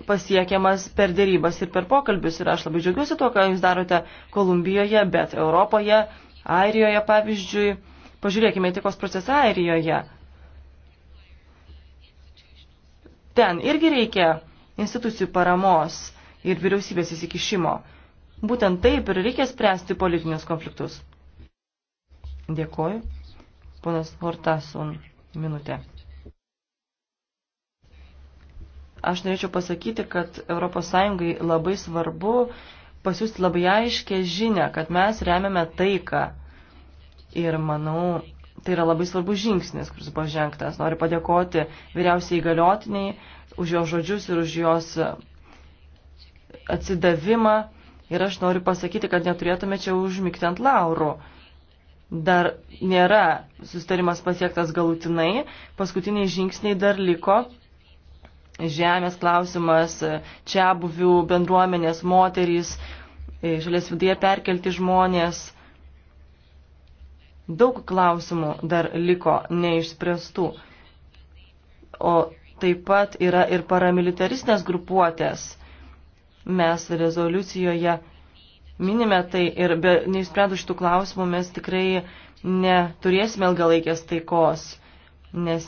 pasiekiamas per dėrybas ir per pokalbius. Ir aš labai džiaugiuosi tuo, ką jūs darote Kolumbijoje, bet Europoje, Airijoje pavyzdžiui. Pažiūrėkime į taikos procesą Airijoje. Ten irgi reikia institucijų paramos ir vyriausybės įsikišimo. Būtent taip ir reikia spręsti politinius konfliktus. Dėkuoju. Ponas Hortasun, minutė. Aš norėčiau pasakyti, kad ES labai svarbu pasiūsti labai aiškę žinę, kad mes remiame taiką. Ir manau, tai yra labai svarbus žingsnis, kuris buvo žengtas. Noriu padėkoti vyriausiai įgaliotiniai už jos žodžius ir už jos atsidavimą. Ir aš noriu pasakyti, kad neturėtume čia užmygti ant laurų dar nėra sustarimas pasiektas galutinai, paskutiniai žingsniai dar liko. Žemės klausimas, čia buvių bendruomenės, moterys, e, šalies viduje perkelti žmonės. Daug klausimų dar liko neišspręstų. O taip pat yra ir paramilitaristinės grupuotės. Mes rezoliucijoje minime tai ir be neišsprendus šitų klausimų mes tikrai neturėsime ilgalaikės taikos, nes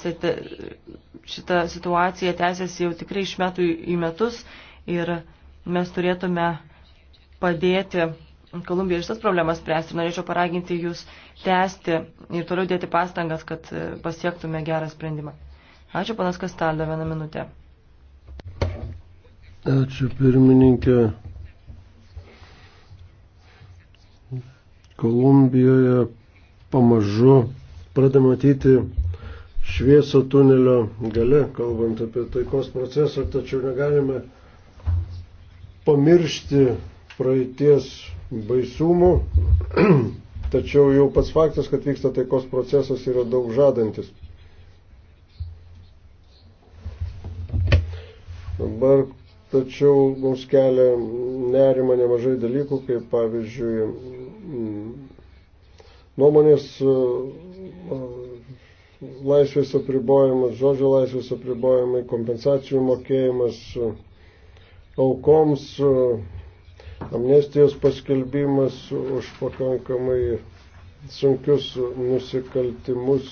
šita situacija tęsiasi jau tikrai iš metų į metus ir mes turėtume padėti Kolumbijai šitas problemas spręsti ir norėčiau paraginti jūs tęsti ir toliau dėti pastangas, kad e, pasiektume gerą sprendimą. Ačiū, panas Kastaldo, vieną minutę. Ačiū, pirmininkė. Kolumbijoje pamažu pradeda matyti šviesą tunelio gale, kalbant apie taikos procesą, tačiau negalime pamiršti praeities baisumų, tačiau jau pats faktas, kad vyksta taikos procesas, yra daug žadantis. Dabar tačiau mums kelia nerima nemažai dalykų, kaip pavyzdžiui mm, nuomonės e, e, laisvės apribojimas, žodžio laisvės apribojimai, kompensacijų mokėjimas e, aukoms, amnestijos paskelbimas už pakankamai sunkius nusikaltimus,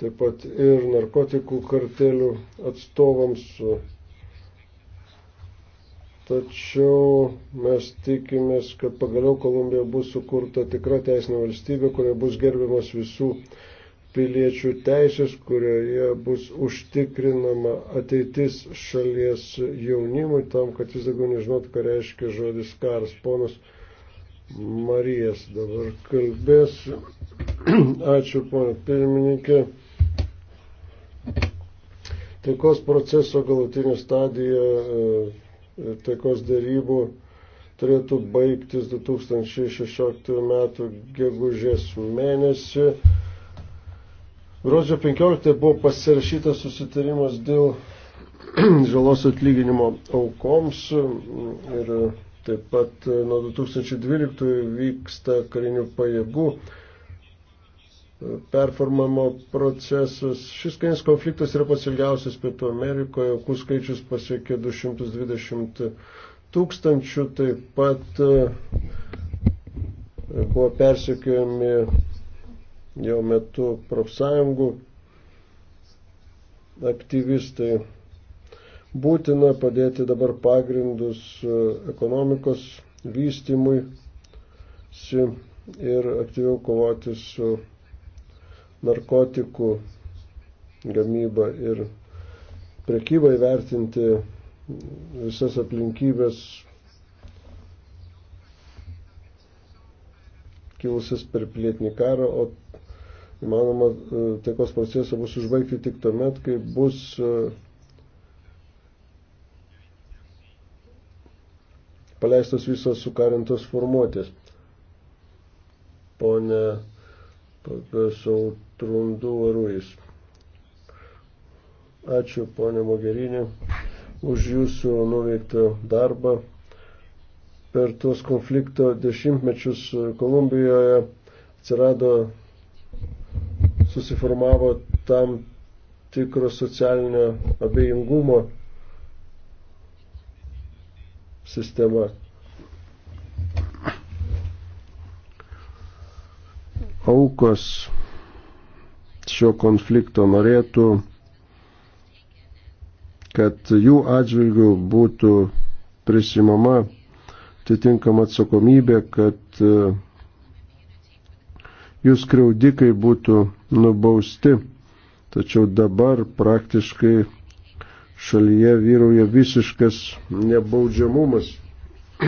taip pat ir narkotikų kartelių atstovams Tačiau mes tikimės, kad pagaliau Kolumbija bus sukurta tikra teisinė valstybė, kurioje bus gerbiamas visų piliečių teisės, kurioje bus užtikrinama ateitis šalies jaunimui, tam, kad jis daugiau nežinot, ką reiškia žodis karas. Ponas Marijas dabar kalbės. Ačiū, ponė pirmininkė. Taikos proceso galutinė stadija e, taikos darybų turėtų baigtis 2016 metų gegužės mėnesį. Gruodžio 15 buvo pasirašytas susitarimas dėl žalos atlyginimo aukoms ir taip pat nuo 2012 vyksta karinių pajėgų performamo procesas. Šis karinis konfliktas yra pats ilgiausias Pietų Amerikoje, aukų skaičius pasiekė 220 tūkstančių, taip pat e, buvo persekiojami jau metu profsąjungų aktyvistai. Būtina padėti dabar pagrindus e, ekonomikos vystymui ir aktyviau kovoti su narkotikų gamybą ir prekybą įvertinti visas aplinkybės kilusias per pilietinį karą, o įmanoma e, taikos procesą bus užbaigti tik tuomet, kai bus e, paleistos visos sukarintos formuotės. Pone profesor Trundu Ruiz. Ačiū, ponė Mogerinė, už jūsų nuveiktą darbą. Per tuos konflikto dešimtmečius Kolumbijoje atsirado, susiformavo tam tikro socialinio abejingumo sistema. aukos šio konflikto norėtų, kad jų atžvilgių būtų prisimama atitinkama atsakomybė, kad e, jų skriaudikai būtų nubausti. Tačiau dabar praktiškai šalyje vyrauja visiškas nebaudžiamumas.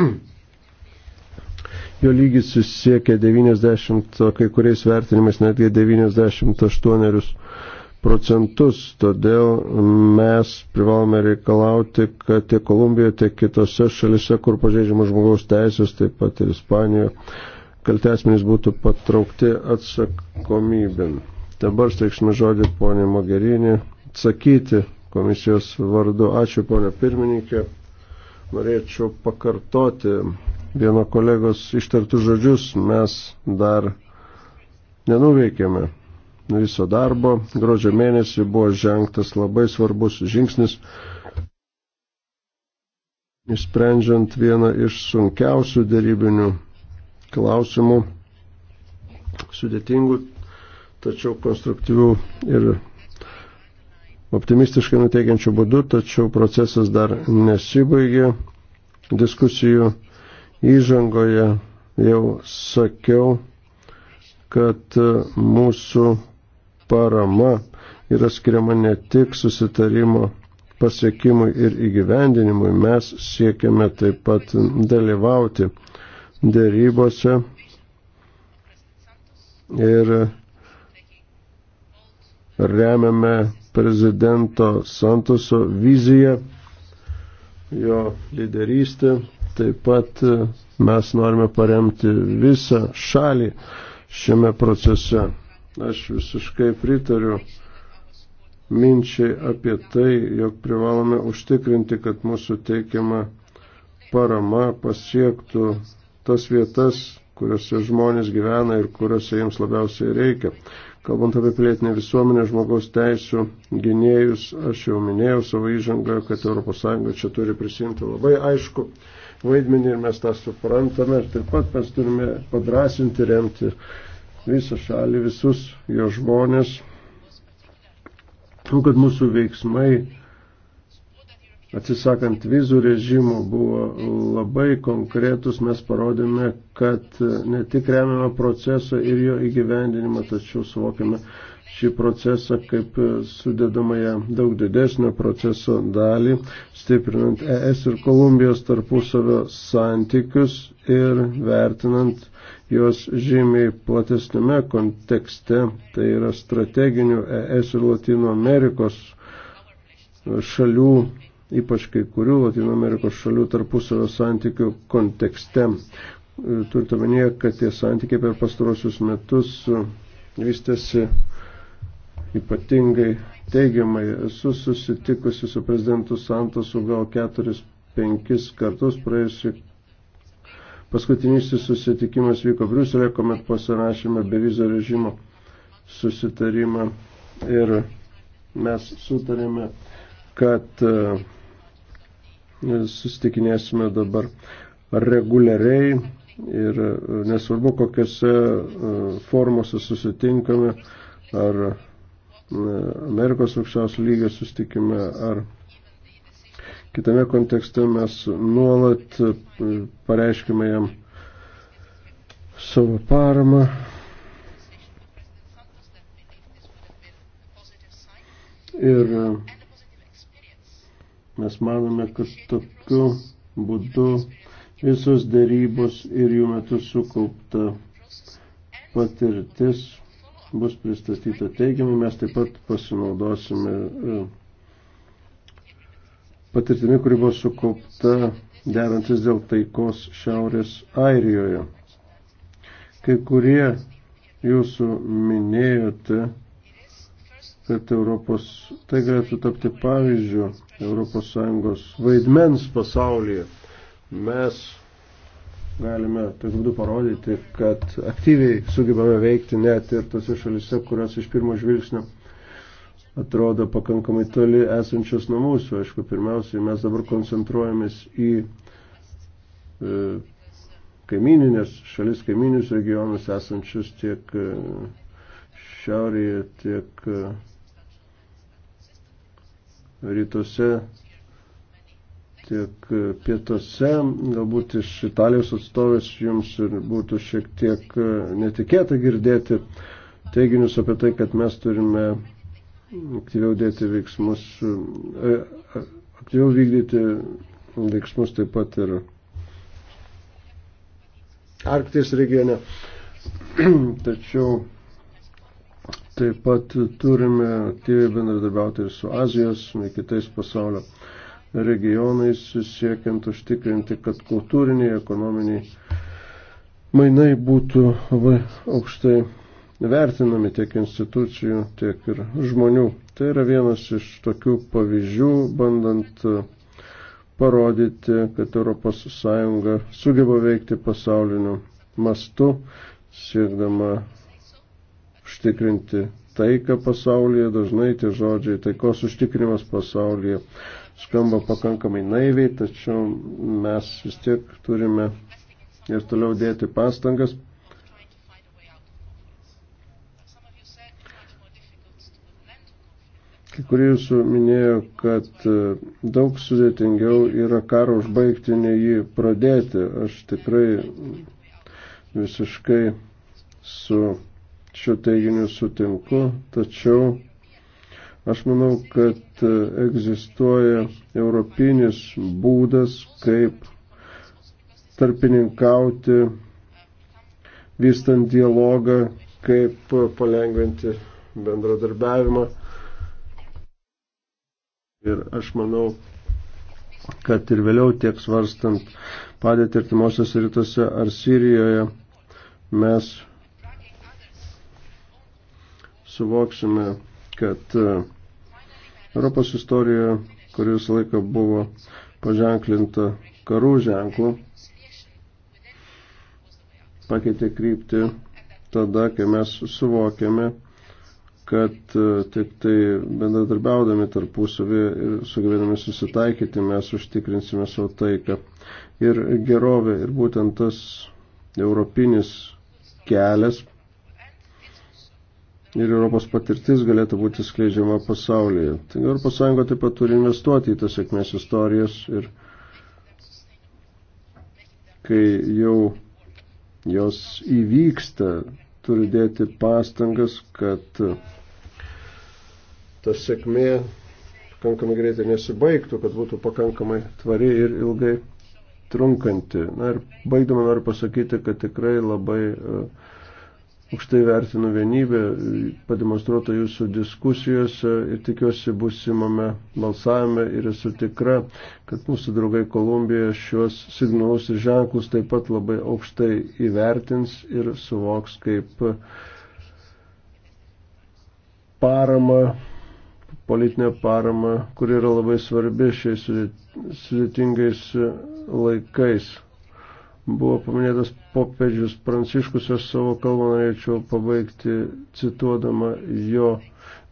jo lygis siekia 90, kai kuriais vertinimais netgi 98 procentus. Todėl mes privalome reikalauti, kad tiek Kolumbijoje, tiek kitose šalise, kur pažeidžiama žmogaus teisės, taip pat ir Ispanijoje, kaltesmenys būtų patraukti atsakomybėn. Dabar steiksime žodį ponė Mogerinį atsakyti komisijos vardu. Ačiū ponė pirmininkė. Norėčiau pakartoti vieno kolegos ištartų žodžius, mes dar nenuveikėme viso darbo. Gruodžio mėnesį buvo žengtas labai svarbus žingsnis, išsprendžiant vieną iš sunkiausių dėrybinių klausimų, sudėtingų, tačiau konstruktyvių ir optimistiškai nuteikiančių būdų, tačiau procesas dar nesibaigė diskusijų įžangoje jau sakiau, kad mūsų parama yra skiriama ne tik susitarimo pasiekimui ir įgyvendinimui, mes siekiame taip pat dalyvauti dėrybose ir remiame prezidento Santoso viziją, jo lyderystę Taip pat e, mes norime paremti visą šalį šiame procese. Aš visiškai pritariu minčiai apie tai, jog privalome užtikrinti, kad mūsų teikiama parama pasiektų tas vietas, kuriuose žmonės gyvena ir kuriuose jiems labiausiai reikia. Kalbant apie pilietinę visuomenę, žmogaus teisų gynėjus, aš jau minėjau savo įžangą, kad ES čia turi prisimti labai aišku vaidmenį ir mes tą suprantame. Ir taip pat mes turime padrasinti, remti visą šalį, visus jo žmonės, kad mūsų veiksmai atsisakant vizų režimų buvo labai konkretus, mes parodėme, kad ne tik remiame procesą ir jo įgyvendinimą, tačiau suvokiame šį procesą kaip sudėdamąją daug didesnio proceso dalį, stiprinant ES ir Kolumbijos tarpusavio santykius ir vertinant juos žymiai platesnėme kontekste, tai yra strateginių ES ir Latino Amerikos šalių, ypač kai kurių Latino Amerikos šalių tarpusavio santykių kontekste. Turite omenyje, kad tie santykiai per pastarosius metus vystėsi ypatingai teigiamai. Esu susitikusi su prezidentu Santosu gal keturis, penkis kartus praėjusį. Paskutinysis susitikimas vyko Briuselė, kuomet pasirašėme bevizio režimo susitarimą ir mes sutarėme, kad e, susitikinėsime dabar reguliariai ir e, nesvarbu, kokiuose formuose susitinkame, ar Amerikos aukščiausio lygio sustikime ar kitame kontekste mes nuolat e, pareiškime jam savo paramą. Ir e, mes manome, kad tokiu būdu visos dėrybos ir jų metu sukaupta patirtis bus pristatyta teigiamai, mes taip pat pasinaudosime e, patirtimi, kuri buvo sukaupta derantis dėl taikos Šiaurės Airijoje. Kai kurie jūsų minėjote, kad Europos, tai galėtų tapti pavyzdžių ES vaidmens pasaulyje. Mes galime tokiu būdu parodyti, kad aktyviai sugebame veikti net ir tose šalise, kurios iš pirmo žvilgsnio atrodo pakankamai toli esančios nuo mūsų. Aišku, pirmiausiai mes dabar koncentruojamės į e, kaimininės šalis, kaiminius regionus esančius tiek e, šiaurėje, tiek e, rytuose tiek pietuose, galbūt iš Italijos atstovės jums būtų šiek tiek e, netikėta girdėti teiginius apie tai, kad mes turime aktyviau dėti veiksmus, e, e, aktyviau vykdyti veiksmus taip pat ir Arktis regione. Tačiau taip pat turime aktyviai bendradarbiauti ir su Azijos, ir kitais pasaulio regionais, siekiant užtikrinti, kad kultūriniai, ekonominiai mainai būtų labai aukštai vertinami tiek institucijų, tiek ir žmonių. Tai yra vienas iš tokių pavyzdžių, bandant e, parodyti, kad ES sugeba veikti pasauliniu mastu, siekdama užtikrinti taiką pasaulyje, dažnai tie žodžiai taikos užtikrinimas pasaulyje skamba pakankamai naiviai, tačiau mes vis tiek turime ir toliau dėti pastangas. Kai kurie jūsų minėjo, kad e, daug sudėtingiau yra karą užbaigti, nei jį pradėti. Aš tikrai visiškai su šiuo teiginiu sutinku, tačiau Aš manau, kad e, egzistuoja europinis būdas, kaip tarpininkauti, vystant dialogą, kaip palengventi bendradarbiavimą. Ir aš manau, kad ir vėliau tiek svarstant padėti artimuosios rytuose ar Sirijoje, mes suvoksime, kad uh, Europos istorija, kuri visą laiką buvo paženklinta karų ženklu, pakeitė krypti tada, kai mes suvokėme, kad e, tik tai bendradarbiaudami tarpusavį ir sugebėdami susitaikyti mes užtikrinsime savo taiką ir gerovę. Ir būtent tas europinis kelias ir Europos patirtis galėtų būti skleidžiama pasaulyje. Taigi Europos Sąjunga taip pat turi investuoti į tas sėkmės istorijas ir kai jau jos įvyksta, turi dėti pastangas, kad ta sėkmė pakankamai greitai nesibaigtų, kad būtų pakankamai tvari ir ilgai trunkanti. Na ir baigdama noriu pasakyti, kad tikrai labai uh, aukštai vertinu vienybę, pademonstruotą jūsų diskusijose ir tikiuosi busimame balsavime ir esu tikra, kad mūsų draugai Kolumbijoje šios signalus ir ženklus taip pat labai aukštai įvertins ir suvoks kaip parama, politinė parama, kuri yra labai svarbi šiais sudėtingais laikais buvo paminėtas popiežius Pranciškus, aš savo kalbą norėčiau pabaigti cituodama jo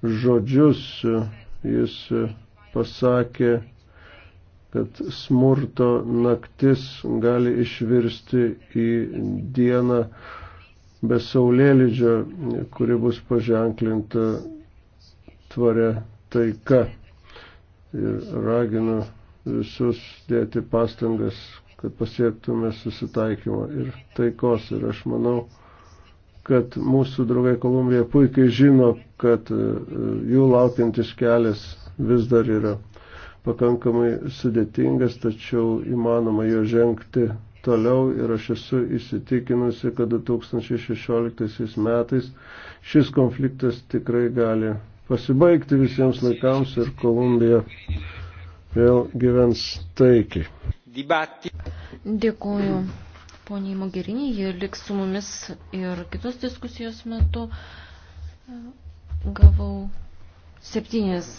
žodžius. Jis pasakė, kad smurto naktis gali išvirsti į dieną be saulėlydžio, kuri bus paženklinta tvaria taika. Ir raginu visus dėti pastangas, kad pasiektume susitaikymo ir taikos. Ir aš manau, kad mūsų draugai Kolumbija puikiai žino, kad e, jų laukiantis kelias vis dar yra pakankamai sudėtingas, tačiau įmanoma jo žengti toliau ir aš esu įsitikinusi, kad 2016 metais šis konfliktas tikrai gali pasibaigti visiems laikams ir Kolumbija vėl gyvens taikiai. Dėkuoju poniai Mogerinį, jie liks su mumis ir kitos diskusijos metu. Gavau septynės